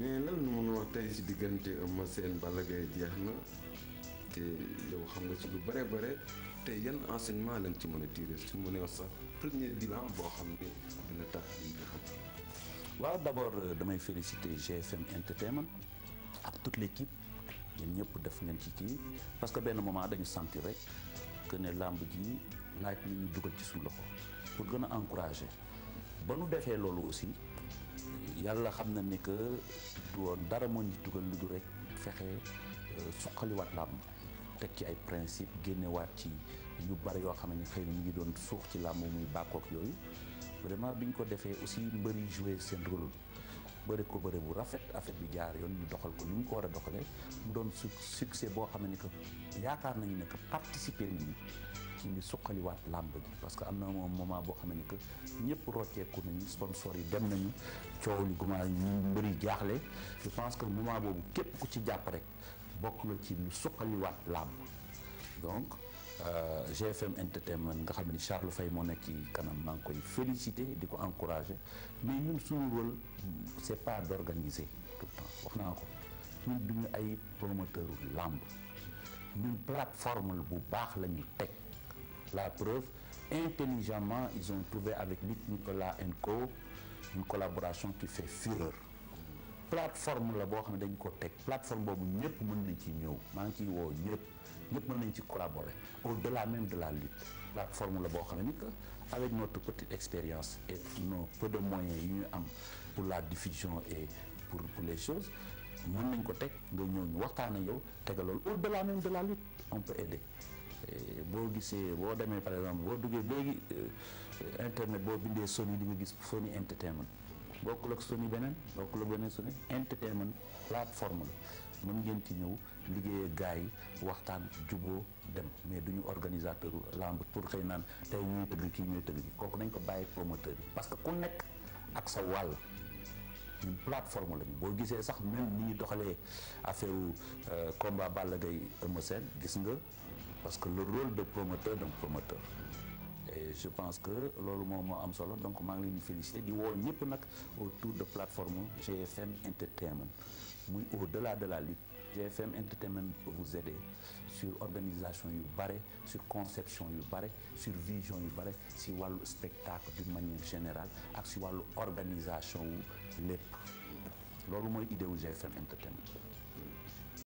mais lan la mën a wax tey si diggante Eumeu Sène Balla Gaye jeex na te yow xam nga ci lu bare bare te yan enseignement lañ ci mën a tirer su mu ne sax premier bilan boo xam ne dina tax li nga xam. waaw d'abord euh, damay féliciter GFM Entertainment ak toute l'équipe yéen ñëpp def ngeen ci kii parce que benn moment dañu sentir rek que ne làmb ji laaj ñu ñu dugal ci suñu loxo pour gën a encourager ba nu defee loolu aussi yàlla xam na ne que du dara moo ñu dugal lu dul rek fexe euh, suqaliwaat làmb teg ci ay principe génnewaat ci yu bari yoo xam ne xëy na ñu ngi doon suux ci làmb muy bàkkook yooyu vraiment bi ko defee aussi mbëri joué seen rôle bëri ko bëri bu rafet affaire bi jaar yoon ñu doxal ko ni ñu ko war a doxalee mu doon su succès boo xam ne que yaakaar nañu ne que participer nañu ci li suqaliwaat làmb ji parce que am na moom moment boo xam ne que ñëpp rocceeku nañu sponsor yi dem nañu coow li commencé yi mbëri jaaxle je pense que moment boobu képp ku ci jàpp rek bokk na ci lu suqaliwaat làmb donc euh, GFM entertainment nga xam ne Charles fay moo nekk ci kanam maa ngi koy félicité di ko encouragé mais ñun suñu rôle c' pas d' tout temps wax naa ko ñun duñu ay promoteur làmb ñun plateforme bu baax la ñu teg la preuve intelligemment ils ont trouvé avec Luc Nicolas and une collaboration qui fait fureur plateforme la boo xam ne dañ ko teg plateforme boobu ñëpp mën nañ ci ñëw maa ngi ciy woo ñëpp mën nañ ci collaborer au la même de la lutte plateforme la boo xam ne ni que avec notre petite expérience et nos peu de moyens yi ñu am pour la diffusion et pour pour les choses mën nañ ko teg nga ñëw ñu waxtaan ak yow tegalool au delà même de la lutte on peut aider boo gisee boo demee par exemple boo duggee léegi euh, internet boo bindee Sony di nga gis Sony entertainment bokkul ak Sony beneen bokkul ak beneen Sony entertainment plateforme la mën ngeen ci ñëw liggéey ak gars yi waxtaan juboo dem mais du ñu organisateur lamb pour xëy naan tey ñooy tëgg kii ñooy tëgg bi kooku nañ ko bàyyi promoteur bi parce que ku nekk ak sa wàll ñun plateforme lañu boo gisee sax même ni ñu doxalee affaire euh, combat Balla Gaye Eumeu Sène gis nga parce que le rôle de promoteur d'un promoteur e je pense que loolu moom moo am solo donc maa ngi leen di féliciter di woo ñëpp nag autour de plateforme GFM Entertainment muy au-delà de la lutte GFM Entertainment peut vous aider sur organisation yu bare sur conception yu bare sur vision yu bare si wàllu spectacle d'une manière générale ak si wàllu organisation wu lépp loolu mooy idée wu GFM Entertainment